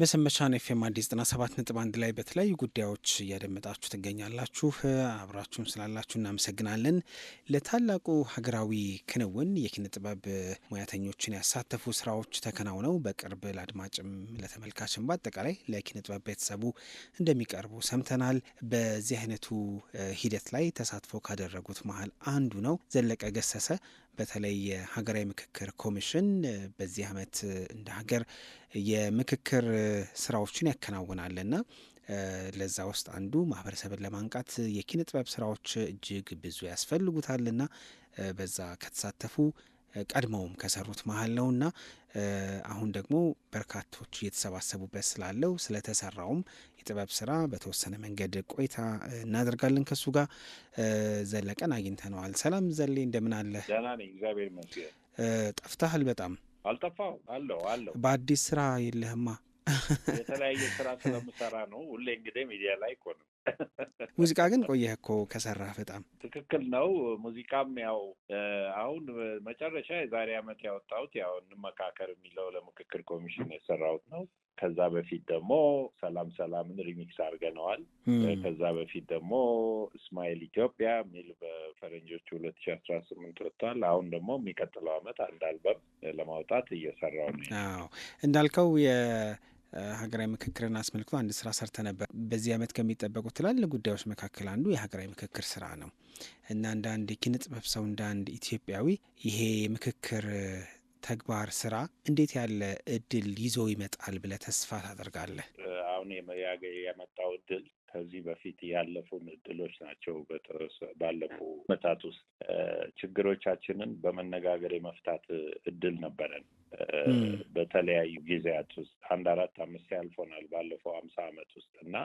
መሰመቻን ኤፍኤም አዲስ ዘጠና ሰባት ነጥብ አንድ ላይ በተለያዩ ጉዳዮች እያደመጣችሁ ትገኛላችሁ። አብራችሁን ስላላችሁ እናመሰግናለን። ለታላቁ ሀገራዊ ክንውን የኪነ ጥበብ ሙያተኞችን ያሳተፉ ስራዎች ተከናውነው በቅርብ ለአድማጭም ለተመልካችም በአጠቃላይ ለኪነ ጥበብ ቤተሰቡ እንደሚቀርቡ ሰምተናል። በዚህ አይነቱ ሂደት ላይ ተሳትፎ ካደረጉት መሀል አንዱ ነው ዘለቀ ገሰሰ በተለይ የሀገራዊ ምክክር ኮሚሽን በዚህ ዓመት እንደ ሀገር የምክክር ስራዎችን ያከናውናልና ለዛ ውስጥ አንዱ ማህበረሰብን ለማንቃት የኪነ ጥበብ ስራዎች እጅግ ብዙ ያስፈልጉታልና በዛ ከተሳተፉ ቀድመውም ከሰሩት መሀል ነው እና አሁን ደግሞ በርካቶች እየተሰባሰቡበት ስላለው ስለተሰራውም የጥበብ ስራ በተወሰነ መንገድ ቆይታ እናደርጋለን። ከሱ ጋር ዘለቀን አግኝተነዋል። ሰላም ዘሌ፣ እንደምን አለ? ደህና ነኝ እግዚአብሔር ይመስገን። ጠፍተሃል በጣም። አልጠፋው አለው አለው። በአዲስ ስራ የለህማ? የተለያየ ስራ ስለምሰራ ነው። ሁሌ እንግዲህ ሚዲያ ላይ እኮ ነው ሙዚቃ ግን ቆየህ እኮ ከሰራህ በጣም ትክክል ነው። ሙዚቃም ያው አሁን መጨረሻ የዛሬ ዓመት ያወጣሁት ያው እንመካከር የሚለው ለምክክር ኮሚሽን የሰራሁት ነው። ከዛ በፊት ደግሞ ሰላም ሰላምን ሪሚክስ አድርገነዋል። ከዛ በፊት ደግሞ እስማኤል ኢትዮጵያ የሚል በፈረንጆቹ ሁለት ሺ አስራ ስምንት ወጥቷል። አሁን ደግሞ የሚቀጥለው ዓመት አንድ አልበም ለማውጣት እየሰራው ነው። እንዳልከው ሀገራዊ ምክክርን አስመልክቶ አንድ ስራ ሰርተ ነበር። በዚህ ዓመት ከሚጠበቁ ትላልቅ ጉዳዮች መካከል አንዱ የሀገራዊ ምክክር ስራ ነው እና እንደ አንድ ኪነ ጥበብ ሰው እንደ አንድ ኢትዮጵያዊ ይሄ የምክክር ተግባር ስራ እንዴት ያለ እድል ይዞ ይመጣል ብለ ተስፋ ታደርጋለህ? አሁን የመጣው እድል ከዚህ በፊት ያለፉን እድሎች ናቸው። ባለፉ ዓመታት ውስጥ ችግሮቻችንን በመነጋገር የመፍታት እድል ነበረን። በተለያዩ ጊዜያት ውስጥ አንድ አራት አምስት ያልፎናል ባለፈው አምሳ ዓመት ውስጥ እና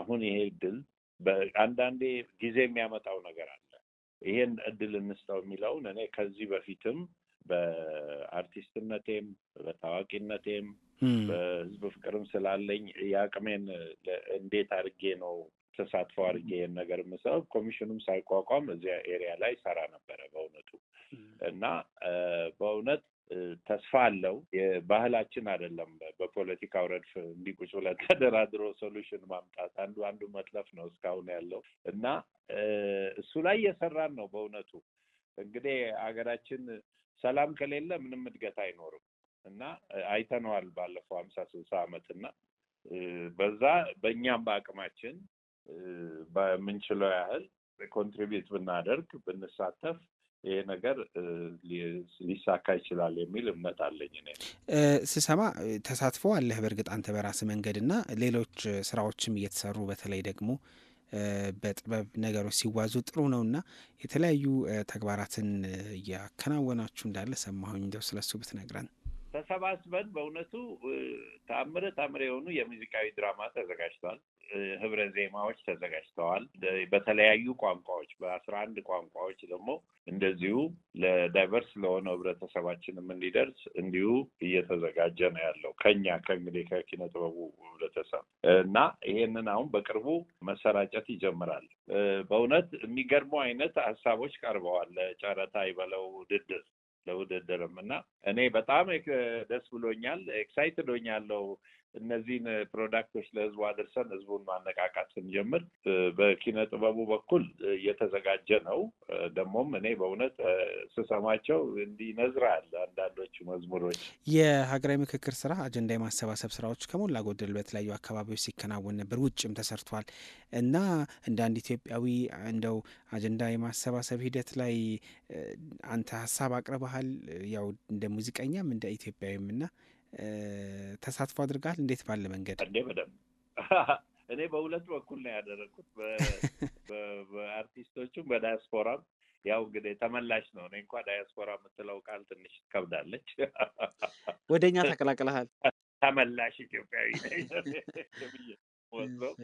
አሁን ይሄ እድል አንዳንዴ ጊዜ የሚያመጣው ነገር አለ። ይሄን እድል እንስጠው የሚለውን እኔ ከዚህ በፊትም በአርቲስትነቴም በታዋቂነቴም በህዝብ ፍቅርም ስላለኝ የአቅሜን እንዴት አድርጌ ነው ተሳትፎ አድርጌ ይህን ነገር ምሰብ ኮሚሽኑም ሳይቋቋም እዚያ ኤሪያ ላይ ሰራ ነበረ በእውነቱ እና በእውነት ተስፋ አለው። ባህላችን አይደለም በፖለቲካው ረድፍ እንዲህ ቁጭ ተደራድሮ ሶሉሽን ማምጣት አንዱ አንዱ መጥለፍ ነው እስካሁን ያለው እና እሱ ላይ እየሰራን ነው በእውነቱ እንግዲህ ሀገራችን ሰላም ከሌለ ምንም እድገት አይኖርም እና አይተነዋል ባለፈው ሀምሳ ስልሳ አመት እና በዛ በእኛም በአቅማችን በምንችለው ያህል ኮንትሪቢዩት ብናደርግ ብንሳተፍ ይሄ ነገር ሊሳካ ይችላል የሚል እምነት አለኝ። እኔ ስሰማ ተሳትፎ አለህ በእርግጥ አንተ በራስ መንገድ እና ሌሎች ስራዎችም እየተሰሩ በተለይ ደግሞ በጥበብ ነገሮች ሲዋዙ ጥሩ ነውና የተለያዩ ተግባራትን እያከናወናችሁ እንዳለ ሰማሁኝ። እንደው ስለሱ ብትነግረን። ተሰባስበን በእውነቱ ተአምረ ታምረ የሆኑ የሙዚቃዊ ድራማ ተዘጋጅቷል። ህብረ ዜማዎች ተዘጋጅተዋል። በተለያዩ ቋንቋዎች በአስራ አንድ ቋንቋዎች ደግሞ እንደዚሁ ለዳይቨርስ ለሆነው ህብረተሰባችንም እንዲደርስ እንዲሁ እየተዘጋጀ ነው ያለው ከኛ ከእንግዲህ ከኪነ ጥበቡ ህብረተሰብ እና ይሄንን አሁን በቅርቡ መሰራጨት ይጀምራል። በእውነት የሚገርሙ አይነት ሀሳቦች ቀርበዋል። ጨረታ ይበለው ውድድር ለውድድርም እና እኔ በጣም ደስ ብሎኛል፣ ኤክሳይትድ ሆኛለሁ። እነዚህን ፕሮዳክቶች ለህዝቡ አድርሰን ህዝቡን ማነቃቃት ስንጀምር በኪነ ጥበቡ በኩል እየተዘጋጀ ነው። ደግሞም እኔ በእውነት ስሰማቸው እንዲነዝራል አንዳንዶቹ መዝሙሮች የሀገራዊ ምክክር ስራ አጀንዳ የማሰባሰብ ስራዎች ከሞላ ጎደል በተለያዩ አካባቢዎች ሲከናወን ነበር፣ ውጭም ተሰርቷል እና እንደ አንድ ኢትዮጵያዊ እንደው አጀንዳ የማሰባሰብ ሂደት ላይ አንተ ሀሳብ አቅርበሃል ባህል ያው እንደ ሙዚቀኛም እንደ ኢትዮጵያዊም ና ተሳትፎ አድርገሃል። እንዴት ባለ መንገድ እንዴ? እኔ በሁለት በኩል ነው ያደረግኩት፣ በአርቲስቶቹም በዳያስፖራም ያው እንግዲህ ተመላሽ ነው። እኔ እንኳ ዳያስፖራ የምትለው ቃል ትንሽ ትከብዳለች። ወደኛ ተቀላቅለሃል። ተመላሽ ኢትዮጵያዊ ወስደው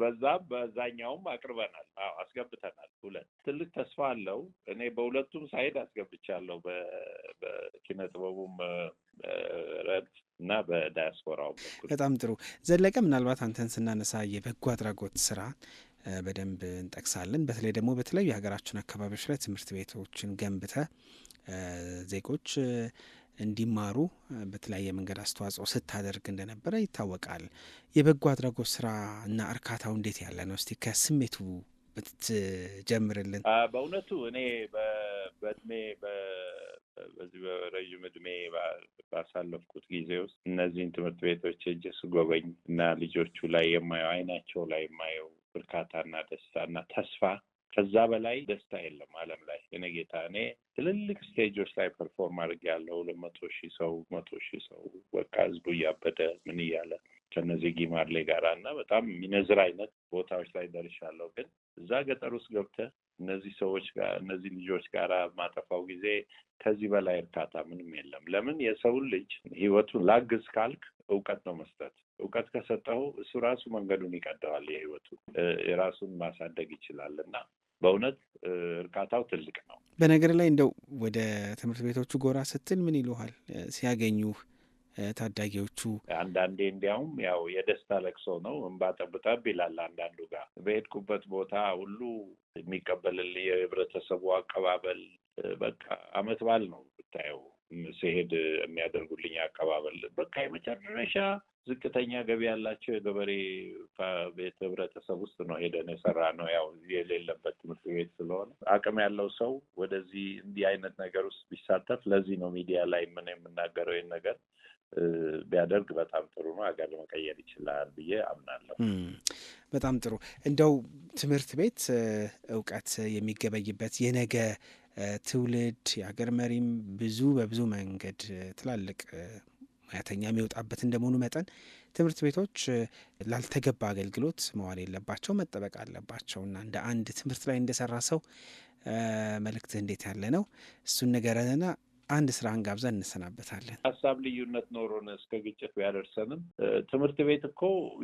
በዛም በዛኛውም አቅርበናል። አዎ አስገብተናል። ሁለት ትልቅ ተስፋ አለው። እኔ በሁለቱም ሳይድ አስገብቻለሁ። በኪነ ጥበቡም ረድ እና በዳያስፖራው በጣም ጥሩ ዘለቀ። ምናልባት አንተን ስናነሳ የበጎ አድራጎት ስራ በደንብ እንጠቅሳለን። በተለይ ደግሞ በተለያዩ የሀገራችን አካባቢዎች ላይ ትምህርት ቤቶችን ገንብተ ዜጎች እንዲማሩ በተለያየ መንገድ አስተዋጽኦ ስታደርግ እንደነበረ ይታወቃል። የበጎ አድራጎት ስራ እና እርካታው እንዴት ያለ ነው? እስቲ ከስሜቱ ብትጀምርልን። በእውነቱ እኔ በእድሜ በዚህ በረዥም እድሜ ባሳለፍኩት ጊዜ ውስጥ እነዚህን ትምህርት ቤቶች እጅ ስጎበኝ እና ልጆቹ ላይ የማየው አይናቸው ላይ የማየው እርካታና ደስታና ተስፋ ከዛ በላይ ደስታ የለም ዓለም ላይ እኔ ጌታ እኔ ትልልቅ ስቴጆች ላይ ፐርፎርም አድርግ ያለው ለመቶ ሺህ ሰው መቶ ሺህ ሰው በቃ ህዝቡ እያበደ ምን እያለ ከነዚህ ጊማርሌ ጋራ እና በጣም የሚነዝር አይነት ቦታዎች ላይ ደርሻለሁ። ግን እዛ ገጠር ውስጥ ገብተህ እነዚህ ሰዎች ጋር እነዚህ ልጆች ጋር ማጠፋው ጊዜ ከዚህ በላይ እርካታ ምንም የለም። ለምን የሰውን ልጅ ህይወቱን ላግዝ ካልክ እውቀት ነው መስጠት። እውቀት ከሰጠው እሱ ራሱ መንገዱን ይቀደዋል። የህይወቱ የራሱን ማሳደግ ይችላል እና በእውነት እርካታው ትልቅ ነው። በነገር ላይ እንደው ወደ ትምህርት ቤቶቹ ጎራ ስትል ምን ይሉሃል ሲያገኙህ? ታዳጊዎቹ አንዳንዴ እንዲያውም ያው የደስታ ለቅሶ ነው፣ እንባ ጠብጠብ ይላል። አንዳንዱ ጋር በሄድኩበት ቦታ ሁሉ የሚቀበልል የህብረተሰቡ አቀባበል በቃ አመት በዓል ነው ብታየው ሲሄድ የሚያደርጉልኝ አቀባበል በቃ የመጨረሻ ዝቅተኛ ገቢ ያላቸው የገበሬ ቤት ህብረተሰብ ውስጥ ነው ሄደን የሰራ ነው። ያው የሌለበት ትምህርት ቤት ስለሆነ አቅም ያለው ሰው ወደዚህ እንዲህ አይነት ነገር ውስጥ ቢሳተፍ፣ ለዚህ ነው ሚዲያ ላይ ምን የምናገረው ይህን ነገር ቢያደርግ በጣም ጥሩ ነው። ሀገር መቀየር ይችላል ብዬ አምናለሁ። በጣም ጥሩ። እንደው ትምህርት ቤት እውቀት የሚገበይበት የነገ ትውልድ የሀገር መሪም ብዙ በብዙ መንገድ ትላልቅ ሙያተኛ የሚወጣበት እንደመሆኑ መጠን ትምህርት ቤቶች ላልተገባ አገልግሎት መዋል የለባቸው፣ መጠበቅ አለባቸው እና እንደ አንድ ትምህርት ላይ እንደሰራ ሰው መልእክትህ እንዴት ያለ ነው? እሱን ነገረና አንድ ስራ እንጋብዛ እንሰናበታለን። ሀሳብ ልዩነት ኖሮን እስከ ግጭት ያደርሰንም። ትምህርት ቤት እኮ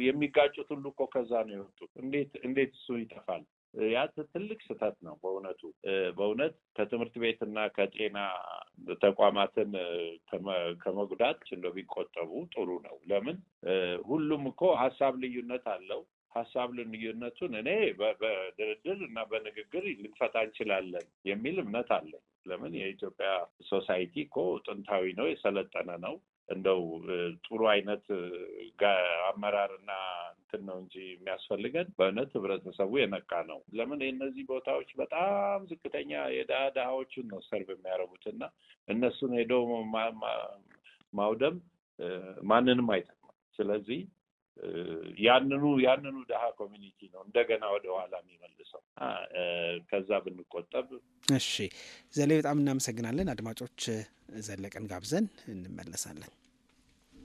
የሚጋጩት ሁሉ እኮ ከዛ ነው የወጡት። እንዴት እንዴት እሱ ይጠፋል? ያ ትልቅ ስህተት ነው። በእውነቱ በእውነት ከትምህርት ቤትና ከጤና ተቋማትን ከመጉዳት እንደ ቢቆጠቡ ጥሩ ነው። ለምን ሁሉም እኮ ሀሳብ ልዩነት አለው። ሀሳብ ልዩነቱን እኔ በድርድር እና በንግግር ልንፈታ እንችላለን የሚል እምነት አለኝ። ለምን የኢትዮጵያ ሶሳይቲ እኮ ጥንታዊ ነው፣ የሰለጠነ ነው። እንደው ጥሩ አይነት አመራርና እንትን ነው እንጂ የሚያስፈልገን በእውነት ህብረተሰቡ የነቃ ነው። ለምን የእነዚህ ቦታዎች በጣም ዝቅተኛ የድሃ ድሃዎችን ነው ሰርቭ የሚያደርጉት እና እነሱን ሄዶ ማውደም ማንንም አይጠቅማል። ስለዚህ ያንኑ ያንኑ ድሀ ኮሚኒቲ ነው እንደገና ወደ ኋላ የሚመልሰው። ከዛ ብንቆጠብ። እሺ ዘሌ፣ በጣም እናመሰግናለን። አድማጮች ዘለቀን ጋብዘን እንመለሳለን።